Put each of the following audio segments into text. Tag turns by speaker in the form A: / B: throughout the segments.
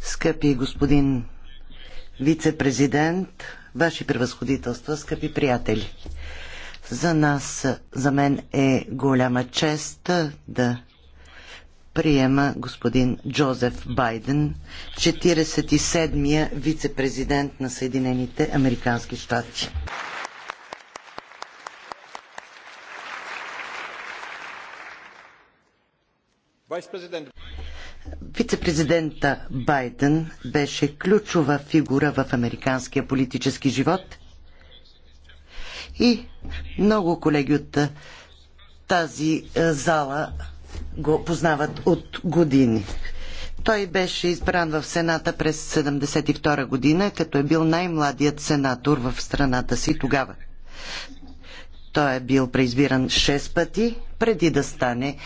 A: Скъпи господин вице-президент, ваши превъзходителства, скъпи приятели. За нас, за мен е голяма чест да приема господин Джозеф Байден, 47-я вице-президент на Съединените Американски щати. вице Байден беше ключова фигура в американския политически живот и много колеги от тази зала го познават от години. Той беше избран в Сената през 1972 година, като е бил най-младият сенатор в страната си тогава. Той е бил преизбиран 6 пъти, преди да стане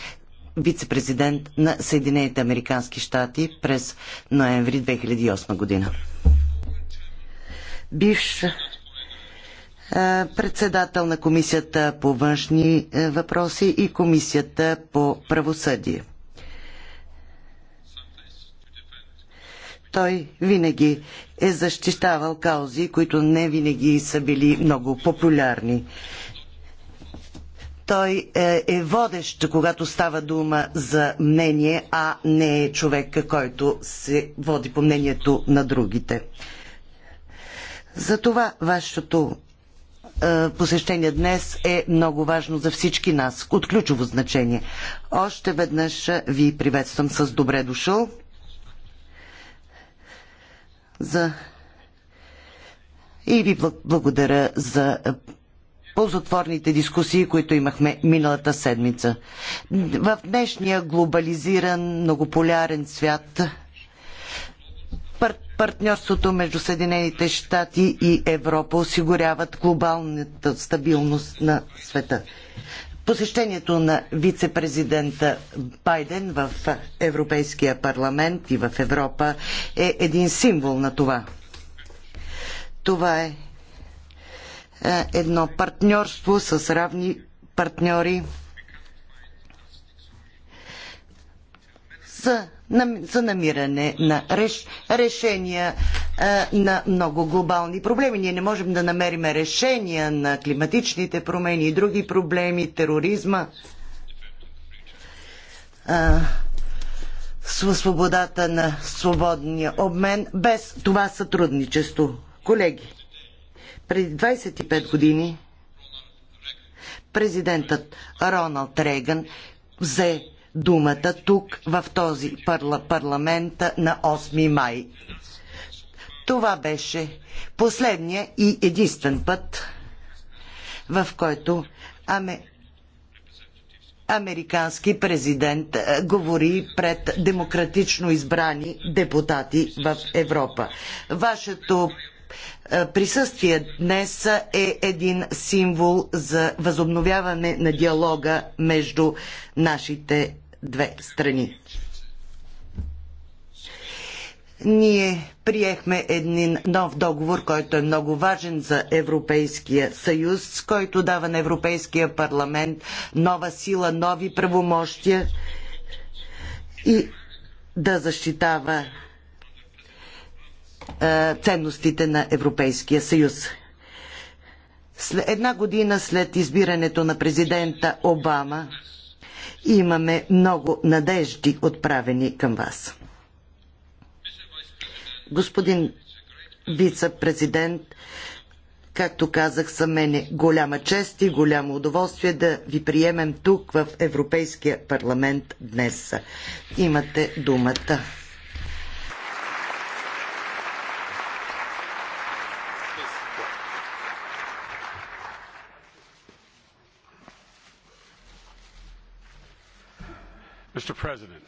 A: вице-президент на Съединените Американски щати през ноември 2008 година. Бивш председател на Комисията по външни въпроси и Комисията по правосъдие. Той винаги е защищавал каузи, които не винаги са били много популярни той е, е водещ, когато става дума за мнение, а не е човек, който се води по мнението на другите. Затова вашето е, посещение днес е много важно за всички нас, от ключово значение. Още веднъж ви приветствам с добре дошъл. За... И ви благодаря за ползотворните дискусии, които имахме миналата седмица. В днешния глобализиран, многополярен свят партньорството между Съединените щати и Европа осигуряват глобалната стабилност на света. Посещението на вице-президента Байден в Европейския парламент и в Европа е един символ на това. Това е е, едно партньорство с равни партньори за, за намиране на реш, решения е, на много глобални проблеми. Ние не можем да намерим решения на климатичните промени и други проблеми, тероризма, е, свободата на свободния обмен без това сътрудничество. Колеги, преди 25 години президентът Роналд Рейган взе думата тук в този парла, парламент на 8 май. Това беше последния и единствен път, в който аме, американски президент е, говори пред демократично избрани депутати в Европа. Вашето е, присъствие днес е един символ за възобновяване на диалога между нашите две страни. Ние приехме един нов договор, който е много важен за Европейския съюз, който дава на Европейския парламент нова сила, нови правомощия и да защитава е, ценностите на Европейския съюз. Една година след избирането на президента Обама имаме много надежди отправени към вас. Господин вице-президент, както казах, за мен е голяма чест и голямо удоволствие да ви приемем тук в Европейския парламент днес. Имате думата. Mr. President,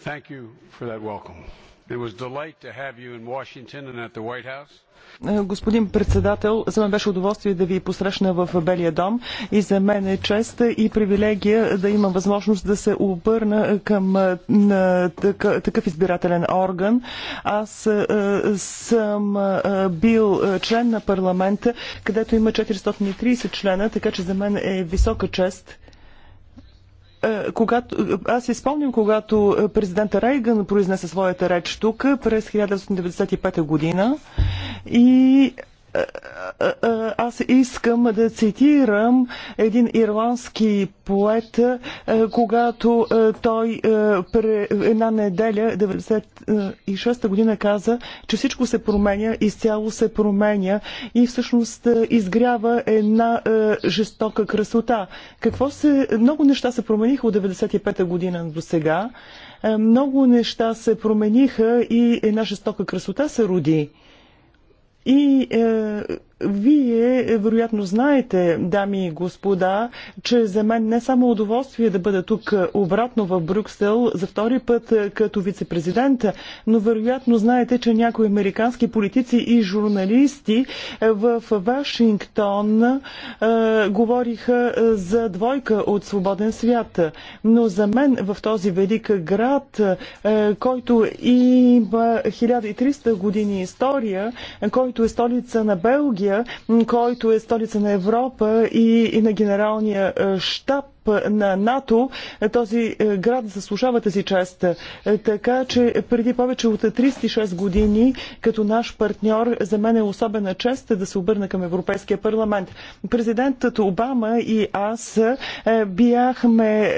A: thank you for that welcome. It was delight to have you in Washington and at the White House.
B: Е, господин председател, за мен беше удоволствие да ви посрещна в Белия дом и за мен е чест и привилегия да имам възможност да се обърна към е, такъв избирателен орган. Аз е, съм бил член на парламента, където има 430 члена, така че за мен е висока чест е, когато, аз изпомням, когато е, президента Рейган произнесе своята реч тук през 1995 година и аз искам да цитирам един ирландски поет, е, когато е, той е, една неделя, 96-та година, каза, че всичко се променя, изцяло се променя и всъщност изгрява една жестока красота. Какво се... Много неща се промениха от 95-та година до сега. Много неща се промениха и една жестока красота се роди и е, вие, е, вероятно, знаете, дами и господа, че за мен не само удоволствие да бъда тук е, обратно в Брюксел за втори път е, като вице-президент, но вероятно знаете, че някои американски политици и журналисти в Вашингтон е, говориха за двойка от свободен свят. Но за мен в този велик град, е, който има 1300 години история, който е столица на Белгия, който е столица на Европа и, и на генералния е, щаб на НАТО, този е, град заслужава тази част. Е, така че преди повече от 36 години, като наш партньор, за мен е особена чест да се обърна към Европейския парламент. Президентът Обама и аз е, бяхме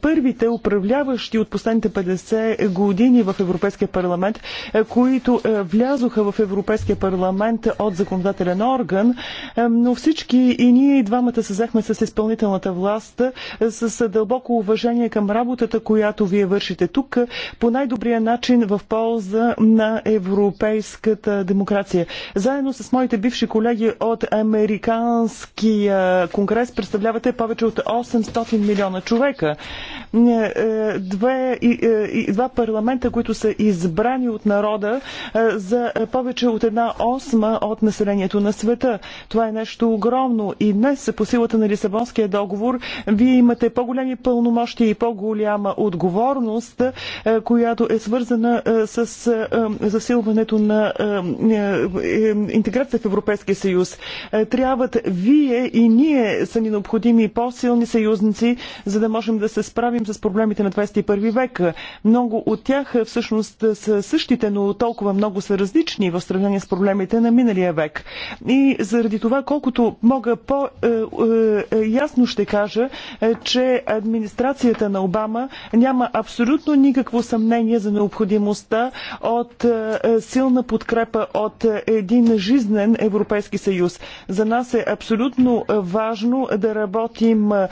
B: първите управляващи от последните 50 години в Европейския парламент, които влязоха в Европейския парламент от законодателен орган, но всички и ние и двамата се взехме с изпълнителната власт властта е, с е, дълбоко уважение към работата, която вие вършите тук е, по най-добрия начин в полза на европейската демокрация. Заедно с моите бивши колеги от Американския конгрес представлявате повече от 800 милиона човека. Две, два парламента, които са избрани от народа за повече от една осма от населението на света. Това е нещо огромно и днес по силата на Лисабонския договор вие имате по-големи пълномощи и по-голяма отговорност, е, която е свързана е, с е, засилването на интеграция в Европейския съюз. Трябват вие и ние са ни необходими по-силни съюзници, за да можем да се справим с проблемите на 21 век. Много от тях всъщност са същите, но толкова много са различни в сравнение с проблемите на миналия век. И заради това, колкото мога по-ясно ще кажа, кажа, е, че администрацията на Обама няма абсолютно никакво съмнение за необходимостта от е, силна подкрепа от един жизнен Европейски съюз. За нас е абсолютно важно да работим е,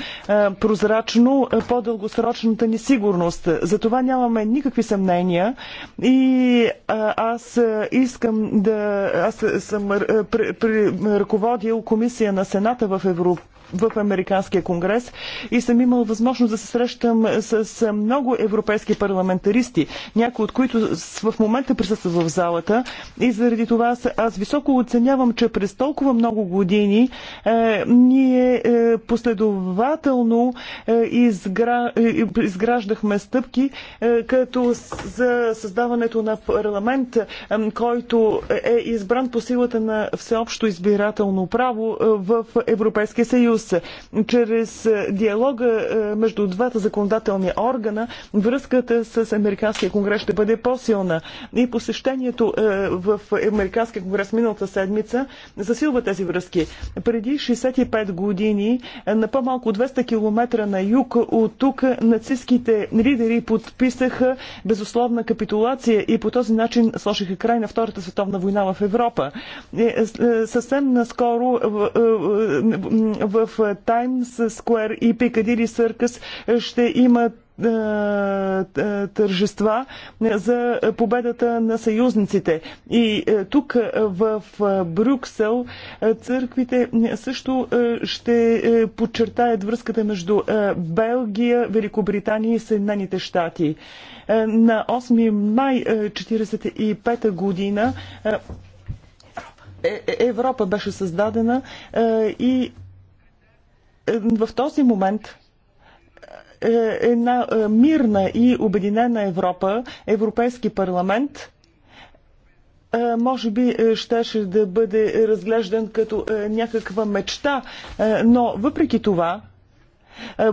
B: прозрачно по дългосрочната ни сигурност. За това нямаме никакви съмнения и аз искам да... Аз съм ръководил комисия на Сената в Европа в Американския конгрес и съм имал възможност да се срещам с много европейски парламентаристи, някои от които в момента присъстват в залата и заради това аз високо оценявам, че през толкова много години е, ние е, последователно е, изгра, е, изграждахме стъпки е, като за създаването на парламент, е, който е, е избран по силата на всеобщо избирателно право е, в Европейския съюз съюз. Чрез е, диалога е, между двата законодателни органа връзката с Американския конгрес ще бъде по-силна. И посещението е, в Американския конгрес миналата седмица засилва тези връзки. Преди 65 години на по-малко 200 км на юг от тук нацистските лидери подписаха безусловна капитулация и по този начин сложиха край на Втората световна война в Европа. Съвсем наскоро в в Таймс е, Сквер и Пикадири Съркъс ще имат е, е, тържества за победата на съюзниците. И тук в Брюксел църквите също ще подчертаят връзката между Белгия, Великобритания и Съединените щати. На 8 май 1945 година Европа беше създадена и в този момент е, една е, мирна и обединена Европа, Европейски парламент, е, може би щеше да бъде разглеждан като някаква мечта, но въпреки това,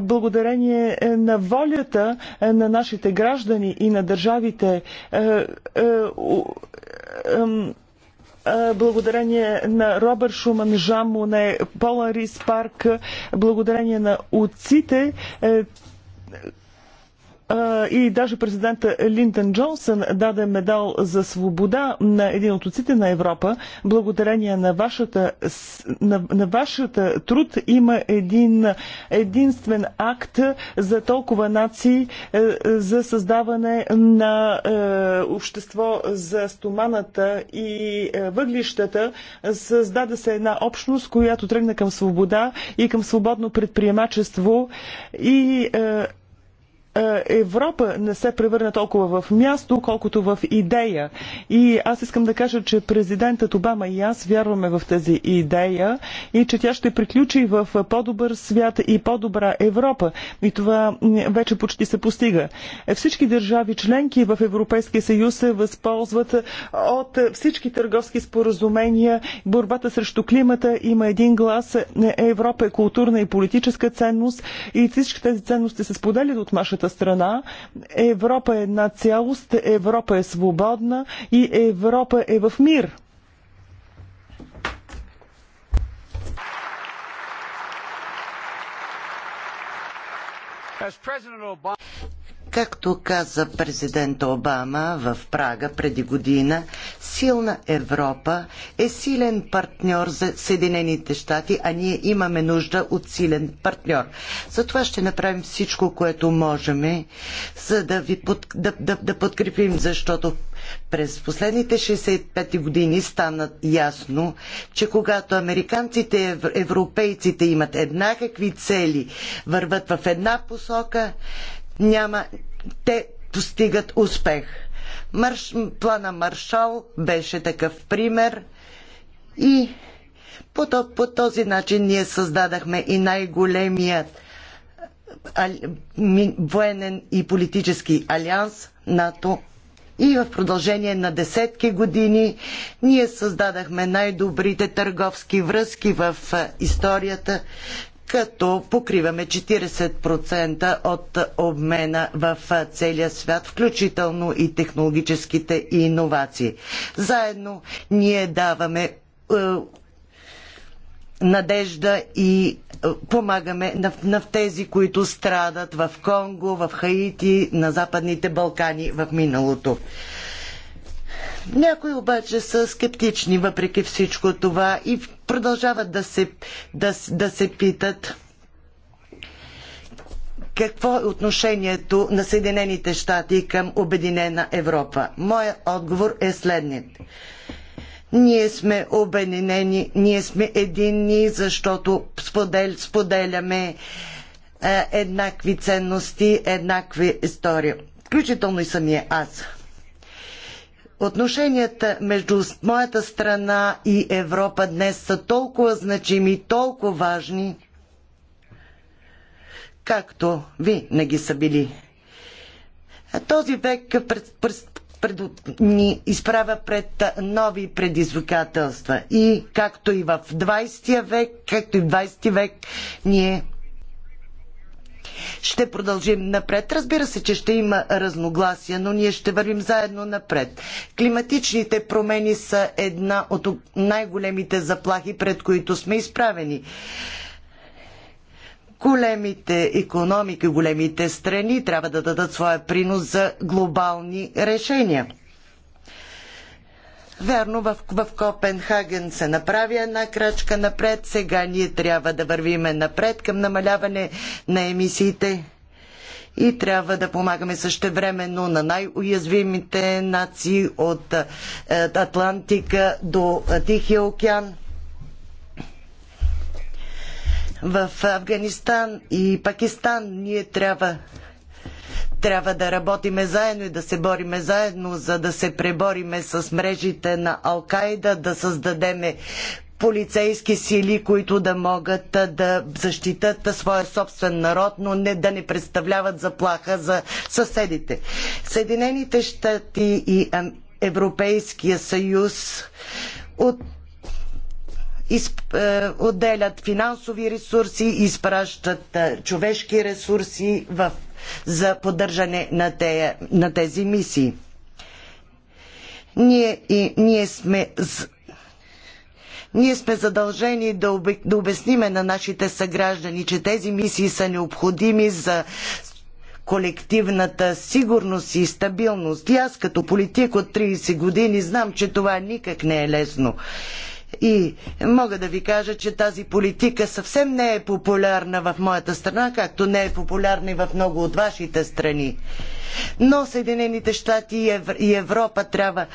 B: благодарение на волята на нашите граждани и на държавите, благодарение на Робър Шуман, Жан Моне, Поларис Парк, благодарение на отците, е, и даже президента Линтън Джонсън даде медал за свобода на един от отците на Европа. Благодарение на вашата, на, на вашата труд има един единствен акт за толкова нации е, за създаване на е, общество за стоманата и е, въглищата. Създаде се една общност, която тръгна към свобода и към свободно предприемачество и е, Европа не се превърна толкова в място, колкото в идея. И аз искам да кажа, че президентът Обама и аз вярваме в тази идея и че тя ще приключи в по-добър свят и по-добра Европа. И това вече почти се постига. Всички държави членки в Европейския съюз се възползват от всички търговски споразумения. Борбата срещу климата има един глас. Европа е културна и политическа ценност и всички тези ценности се споделят от нашата моята страна. Европа е една цялост, Европа е свободна и Европа е в мир.
A: Както каза президента Обама в Прага преди година, Силна Европа е силен партньор за Съединените щати, а ние имаме нужда от силен партньор. Затова ще направим всичко, което можем, за да ви под, да, да, да подкрепим, защото през последните 65 години стана ясно, че когато американците и европейците имат еднакви цели, върват в една посока, няма, те постигат успех. Марш, плана Маршал беше такъв пример и по, по този начин ние създадахме и най големият военен и политически алианс НАТО и в продължение на десетки години ние създадахме най-добрите търговски връзки в историята, като покриваме 40% от обмена в целия свят, включително и технологическите иновации. Заедно ние даваме е, надежда и е, помагаме на, на тези, които страдат в Конго, в Хаити, на Западните Балкани в миналото. Някои обаче са скептични въпреки всичко това и продължават да се, да, да се питат какво е отношението на Съединените щати към Обединена Европа. Моят отговор е следният. Ние сме обединени, ние сме единни, защото сподел, споделяме е, еднакви ценности, еднакви истории. Включително и самия аз. Отношенията между моята страна и Европа днес са толкова значими, толкова важни, както винаги са били. Този век пред, пред, пред, ни изправя пред нови предизвикателства. И както и в 20 век, както и в 20 век, ние ще продължим напред. Разбира се, че ще има разногласия, но ние ще вървим заедно напред. Климатичните промени са една от най-големите заплахи, пред които сме изправени големите економики, големите страни трябва да дадат своя принос за глобални решения. Верно, в, в Копенхаген се направи една крачка напред, сега ние трябва да вървиме напред към намаляване на емисиите и трябва да помагаме същевременно на най-уязвимите нации от е, Атлантика до е, Тихия океан. В Афганистан и Пакистан ние трябва трябва да работиме заедно и да се бориме заедно, за да се пребориме с мрежите на Алкайда, да създадеме полицейски сили, които да могат да защитат своя собствен народ, но не да не представляват заплаха за съседите. Съединените щати и Европейския съюз от отделят финансови ресурси, изпращат човешки ресурси в за поддържане на, те, на тези мисии. Ние, и, ние сме ние сме задължени да, обясним да обясниме на нашите съграждани, че тези мисии са необходими за колективната сигурност и стабилност. И аз като политик от 30 години знам, че това никак не е лесно. И мога да ви кажа, че тази политика съвсем не е популярна в моята страна, както не е популярна и в много от вашите страни. Но Съединените щати и Европа трябва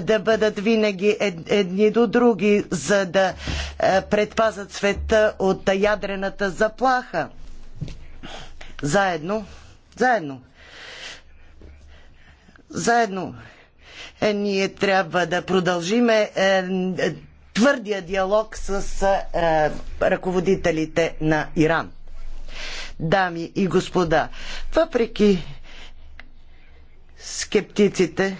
A: да бъдат винаги едни до други, за да е, предпазят света от ядрената заплаха. Заедно, заедно, заедно е, ние трябва да продължиме е, твърдия диалог с ръководителите на Иран. Дами и господа, въпреки скептиците,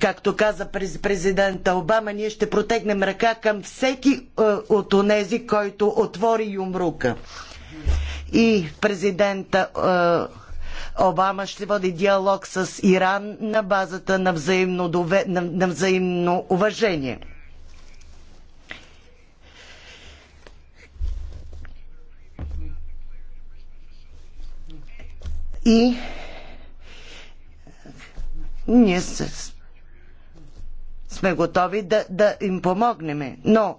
A: както каза президента Обама, ние ще протегнем ръка към всеки от онези, който отвори юмрука. И президента Обама ще води диалог с Иран на базата на взаимно, на взаимно уважение. И ние се, сме готови да, да им помогнем. Но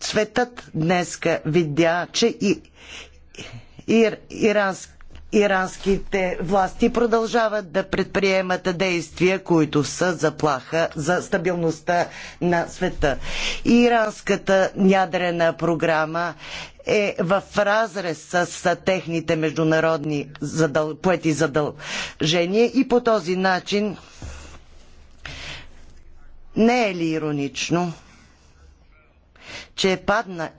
A: светът днеска видя, че и, и, иранск, иранските власти продължават да предприемат действия, които са заплаха за стабилността на света. И иранската ядрена програма е в разрез с, с техните международни задъл... поети задължения и по този начин не е ли иронично, че е падна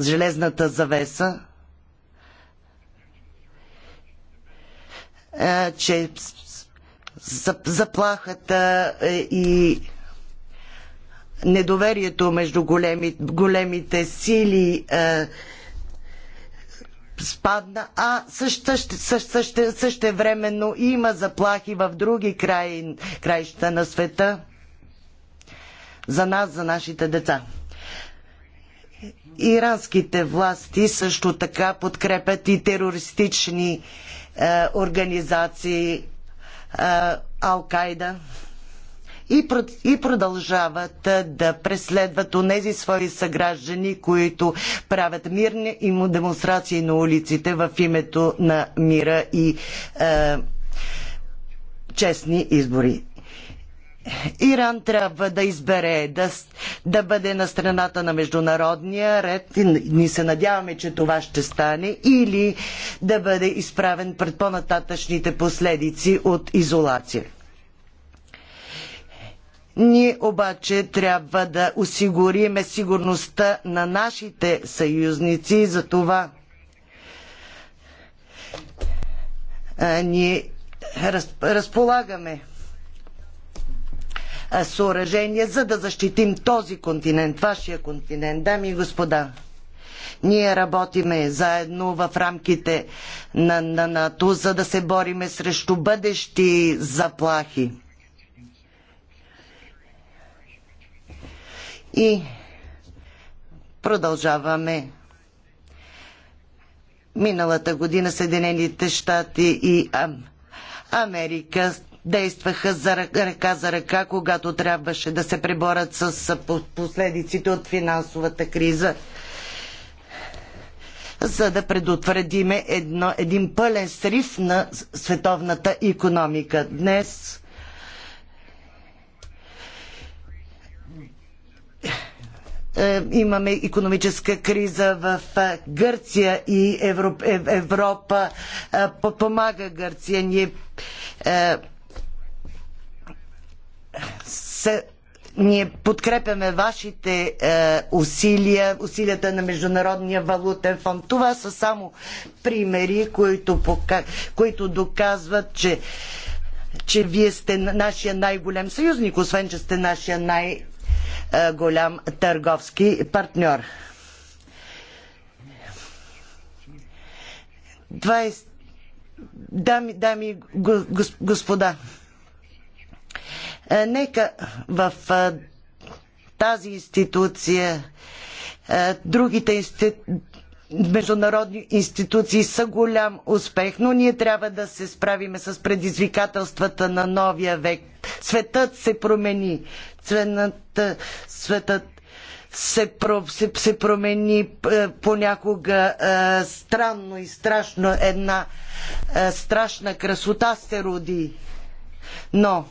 A: железната завеса, е, че заплахата е, и недоверието между големи, големите сили е, спадна, а също, също, също времено има заплахи в други край, краища на света за нас, за нашите деца. Иранските власти също така подкрепят и терористични е, организации е, Ал-Кайда и, и продължават да преследват онези свои съграждани, които правят мирни им демонстрации на улиците в името на мира и е, честни избори. Иран трябва да избере да, да бъде на страната на международния ред и ни се надяваме, че това ще стане или да бъде изправен пред по-нататъчните последици от изолация. Ние обаче трябва да осигуриме сигурността на нашите съюзници за това. А, ние раз, разполагаме съоръжения, за да защитим този континент, вашия континент. Дами и господа, ние работиме заедно в рамките на, на НАТО, за да се бориме срещу бъдещи заплахи. И продължаваме. Миналата година Съединените щати и Америка действаха за ръка за ръка, когато трябваше да се преборят с последиците от финансовата криза, за да предотвратиме един пълен срив на световната економика. Днес Е, имаме економическа криза в е, Гърция и е, Европа подпомага Гърция. Ние ние подкрепяме вашите е, усилия, усилията на Международния валутен фонд. Това са само примери, които, пока, които доказват, че, че вие сте нашия най-голем съюзник, освен че сте нашия най- е, голям търговски партньор. 20... Дами, дами, господа, е, нека в е, тази институция, другите институции, международни институции са голям успех, но ние трябва да се справим с предизвикателствата на новия век. Светът се промени. Светът, светът се, про, се, се промени е, понякога е, странно и страшно. Една е, страшна красота се роди. Но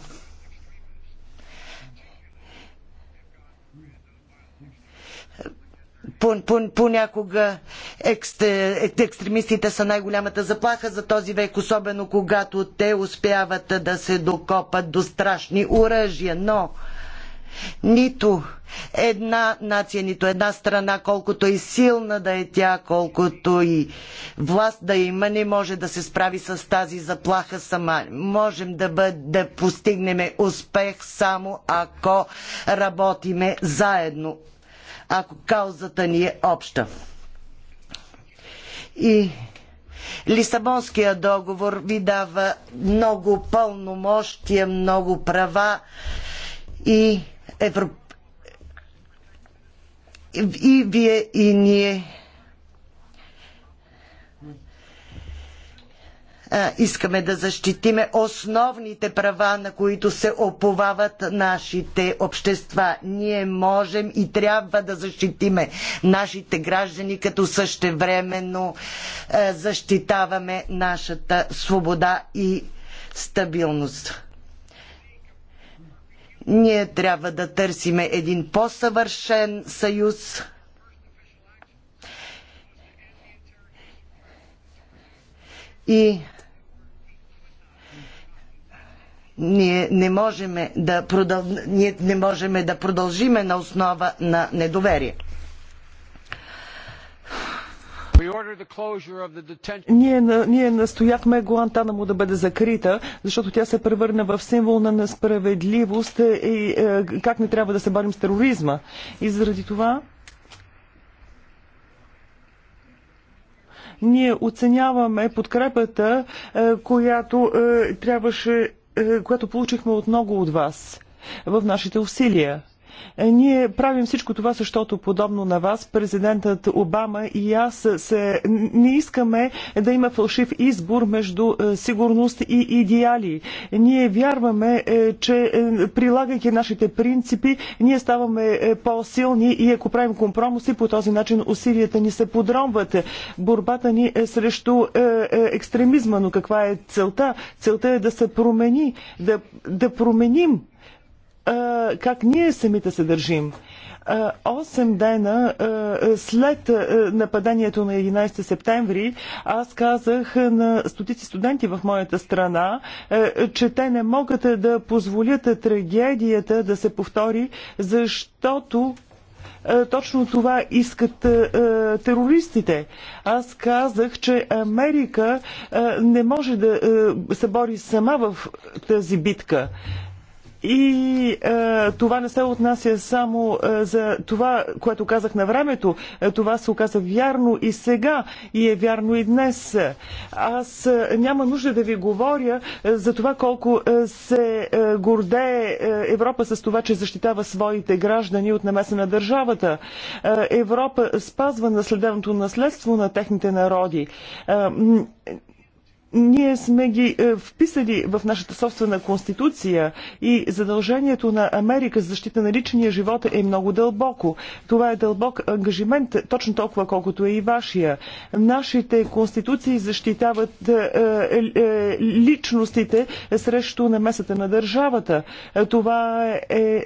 A: понякога екстремистите са най-голямата заплаха за този век, особено когато те успяват да се докопат до страшни оръжия. Но нито една нация, нито една страна, колкото и силна да е тя, колкото и власт да има, не може да се справи с тази заплаха сама. Можем да, бъд, да постигнем успех само ако работиме заедно, ако каузата ни е обща. И Лисабонския договор ви дава много пълномощия, много права и Европ... И вие, и ние искаме да защитиме основните права, на които се оповават нашите общества. Ние можем и трябва да защитиме нашите граждани, като същевременно защитаваме нашата свобода и стабилност. Ние трябва да търсим един по-съвършен съюз. И ние не можем да, продъл... ние не можем да продължиме
B: на основа на недоверие. Ние, ние настояхме Гуантана му да бъде закрита, защото тя се превърна в символ на несправедливост и е, как не трябва да се борим с тероризма. И заради това ние оценяваме подкрепата, е, която е, трябваше, е, която получихме от много от вас в нашите усилия. Е, ние правим всичко това, защото подобно на вас, президентът Обама и аз се, не искаме да има фалшив избор между е, сигурност и идеали. Ние вярваме, е, че прилагайки нашите принципи, ние ставаме по-силни и ако правим компромиси, по този начин усилията ни се подромват. Борбата ни е срещу екстремизма, но каква е целта? Целта е да се промени, да, да променим как ние самите се държим. 8 дена след нападението на 11 септември, аз казах на стотици студенти в моята страна, че те не могат да позволят трагедията да се повтори, защото точно това искат е, терористите. Аз казах, че Америка е, не може да е, се бори сама в тази битка. И е, това не се отнася само е, за това, което казах на времето. Е, това се оказа вярно и сега, и е вярно и днес. Аз е, няма нужда да ви говоря е, за това колко е, се е, гордее е, Европа с това, че защитава своите граждани от намеса на държавата. Е, Европа спазва наследеното наследство на техните народи. Е, ние сме ги е, вписали в нашата собствена конституция и задължението на Америка за защита на личния живот е много дълбоко. Това е дълбок ангажимент, точно толкова колкото е и вашия. Нашите конституции защитават е, е, личностите срещу намесата на държавата. Това е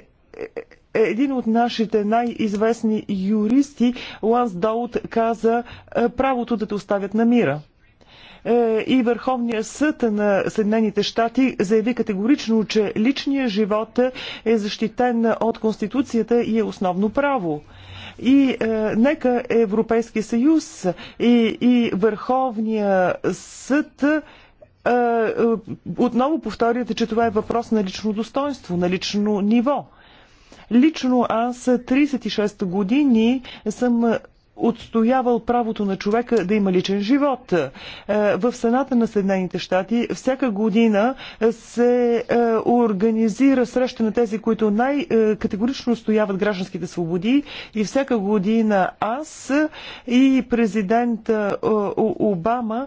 B: един от нашите най-известни юристи, Ланс Доут, каза правото да те оставят на мира. Е, и Върховния съд на Съединените щати заяви категорично, че личният живот е защитен от Конституцията и е основно право. И е, нека Европейския съюз и, и Върховния съд е, е, отново повторят, че това е въпрос на лично достоинство, на лично ниво. Лично аз 36 години съм отстоявал правото на човека да има личен живот. Е, в Сената на Съединените щати всяка година се е, организира среща на тези, които най-категорично стояват гражданските свободи и всяка година аз и президент е, Обама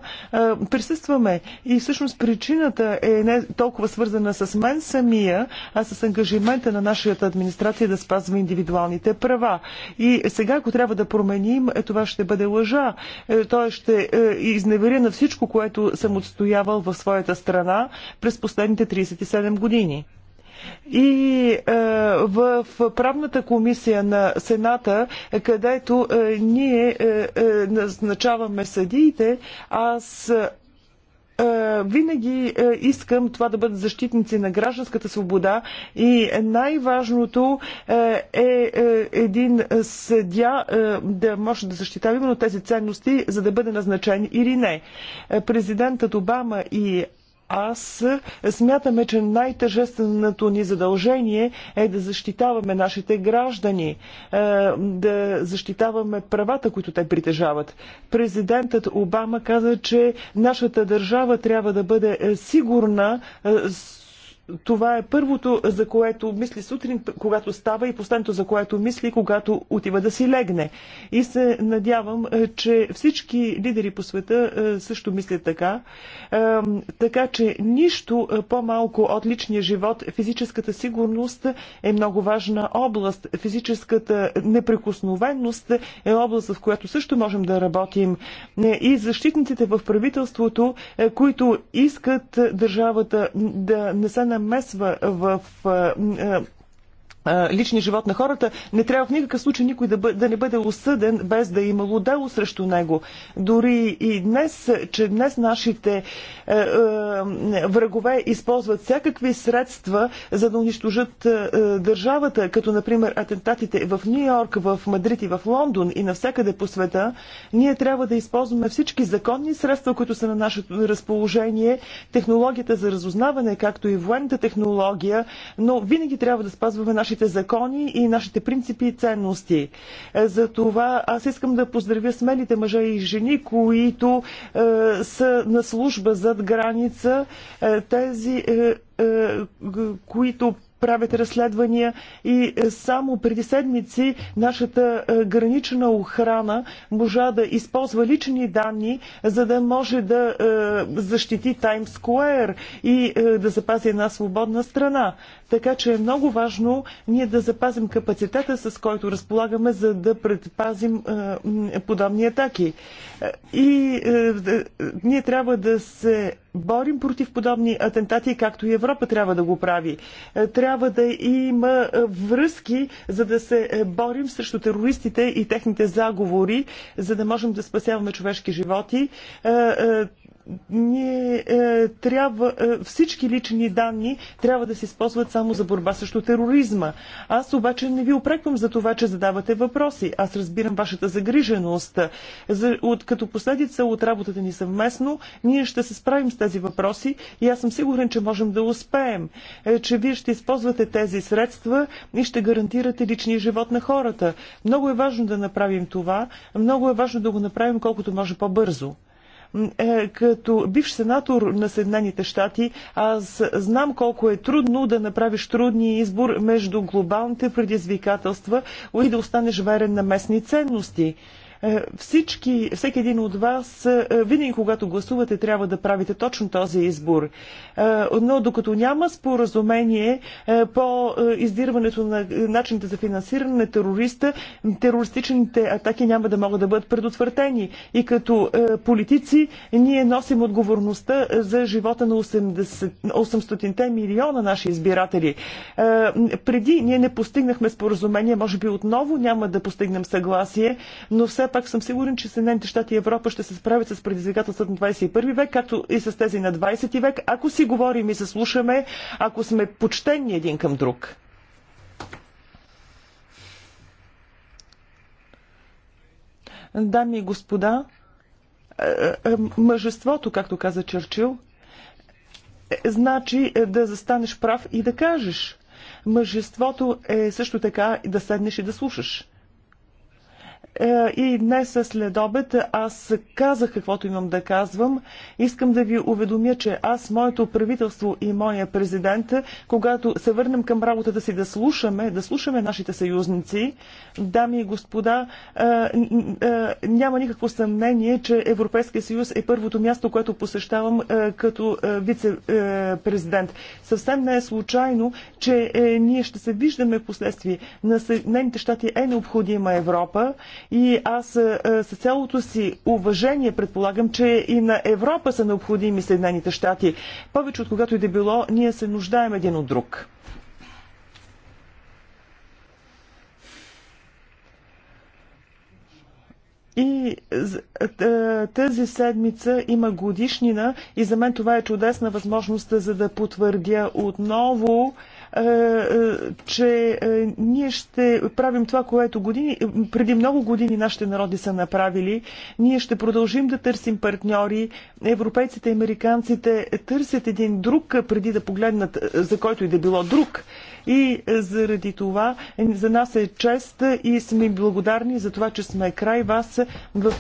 B: присъстваме и всъщност причината е не толкова свързана с мен самия, а с ангажимента на нашата администрация да спазва индивидуалните права. И сега, ако трябва да променим правим, е, това ще бъде лъжа. Е, той ще е, изневеря на всичко, което съм отстоявал в своята страна през последните 37 години. И е, в правната комисия на Сената, където е, ние е, назначаваме съдиите, аз е, винаги е, искам това да бъдат защитници на гражданската свобода и най-важното е, е един съдя да може да защитава именно тези ценности, за да бъде назначен или не. Президентът Обама и аз смятаме, че най-тъжественото ни задължение е да защитаваме нашите граждани, е, да защитаваме правата, които те притежават. Президентът Обама каза, че нашата държава трябва да бъде е, сигурна е, това е първото, за което мисли сутрин, когато става и последното, за което мисли, когато отива да си легне. И се надявам, е, че всички лидери по света е, също мислят така. Е, така че нищо по-малко от личния живот, физическата сигурност е много важна област. Физическата неприкосновенност е област, в която също можем да работим. И защитниците в правителството, които искат държавата да не се намерят намесва в личния живот на хората, не трябва в никакъв случай никой да, бъ... да не бъде осъден без да е имало дело срещу него. Дори и днес, че днес нашите е, е, врагове използват всякакви средства, за да унищожат е, държавата, като например атентатите в Нью Йорк, в Мадрид и в Лондон и навсякъде по света, ние трябва да използваме всички законни средства, които са на нашето разположение, технологията за разузнаване, както и военната технология, но винаги трябва да спазваме нашите нашите закони и нашите принципи и ценности. Е, за това аз искам да поздравя смелите мъже и жени, които е, са на служба зад граница. Е, тези, е, е, които правят разследвания и е, само преди седмици нашата е, гранична охрана можа да използва лични данни, за да може да е, защити Таймс Square и да запази една свободна страна. Така че е много важно ние да запазим капацитета, с който разполагаме, за да предпазим подобни атаки. И ние трябва да се борим против подобни атентати, както и Европа трябва да го прави. Е, трябва да има е, връзки, за да се е, борим срещу терористите и техните заговори, за да можем да спасяваме човешки животи ние е, трябва, е, всички лични данни трябва да се използват само за борба срещу тероризма. Аз обаче не ви опреквам за това, че задавате въпроси. Аз разбирам вашата загриженост. За, от, като последица от работата ни съвместно, ние ще се справим с тези въпроси и аз съм сигурен, че можем да успеем, е, че вие ще използвате тези средства и ще гарантирате личния живот на хората. Много е важно да направим това, много е важно да го направим колкото може по-бързо. Е, като бивш сенатор на Съединените щати, аз знам колко е трудно да направиш трудния избор между глобалните предизвикателства и да останеш верен на местни ценности. Е, всички, всеки един от вас, е, винаги когато гласувате, трябва да правите точно този избор. Е, но докато няма споразумение по издирването на начините за финансиране на терориста, терористичните атаки няма да могат да бъдат предотвратени. И като политици ние носим отговорността за живота на 800-те милиона наши избиратели. Преди ние не постигнахме споразумение, може би отново няма да постигнем съгласие, но все пак съм сигурен, че Съединените щати и Европа ще се справят с предизвикателствата на 21 век, както и с тези на 20 век, ако си говорим и се слушаме, ако сме почтени един към друг. Дами и господа, е, е, мъжеството, както каза Черчил, е, значи да застанеш прав и да кажеш. Мъжеството е също така да седнеш и да слушаш. Е, и днес след обед аз казах каквото имам да казвам. Искам да ви уведомя, че аз, моето правителство и моя президент, когато се върнем към работата си да слушаме, да слушаме нашите съюзници, дами и господа, е, е, няма никакво съмнение, че Европейския съюз е първото място, което посещавам като вице-президент. Съвсем не е случайно, че ние ще се виждаме в последствие. На Съединените щати е необходима Европа. И аз е, е, с цялото си уважение предполагам, че и на Европа са необходими Съединените щати. Повече от когато и да било, ние се нуждаем един от друг. И е, тази седмица има годишнина и за мен това е чудесна възможност за да потвърдя отново е, е, че е, ние ще правим това, което години, преди много години нашите народи са направили. Ние ще продължим да търсим партньори. Европейците и американците търсят един друг, преди да погледнат за който и да било друг. И заради това за нас е чест и сме благодарни за това, че сме край вас в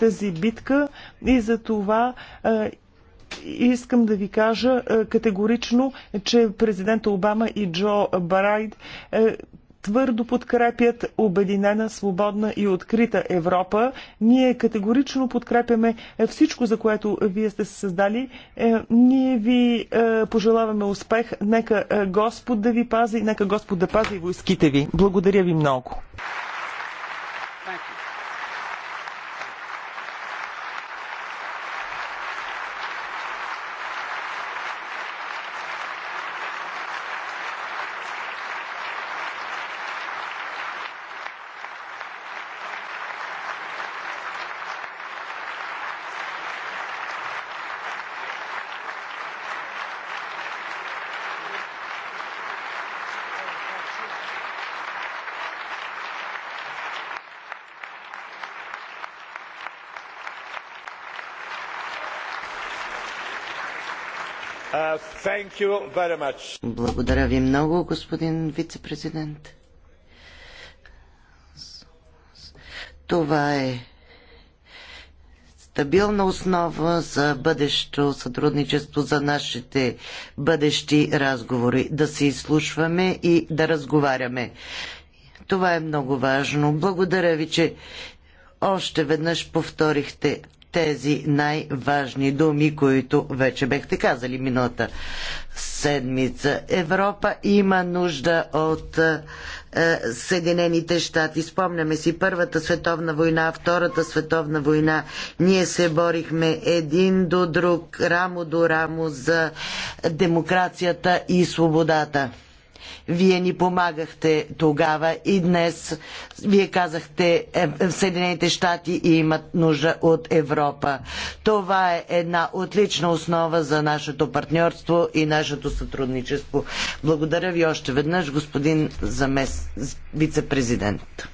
B: тази битка и за това искам да ви кажа е, категорично, че президента Обама и Джо Барайд е, твърдо подкрепят обединена, свободна и открита Европа. Ние категорично подкрепяме е, всичко, за което вие сте се създали. Ние ви пожелаваме успех. Нека Господ да ви пази, нека Господ да пази войските ви. Благодаря ви много. Uh, Благодаря
A: ви много, господин вице-президент. Това е стабилна основа за бъдещо сътрудничество, за нашите бъдещи разговори. Да се изслушваме и да разговаряме. Това е много важно. Благодаря ви, че още веднъж повторихте тези най-важни думи, които вече бехте казали миналата седмица. Европа има нужда от е, е, Съединените щати. Спомняме си Първата световна война, Втората световна война. Ние се борихме един до друг, рамо до рамо за демокрацията и свободата. Вие ни помагахте тогава и днес. Вие казахте, е, Съединените щати имат нужда от Европа. Това е една отлична основа за нашето партньорство и нашето сътрудничество. Благодаря ви още веднъж, господин замес вице-президент.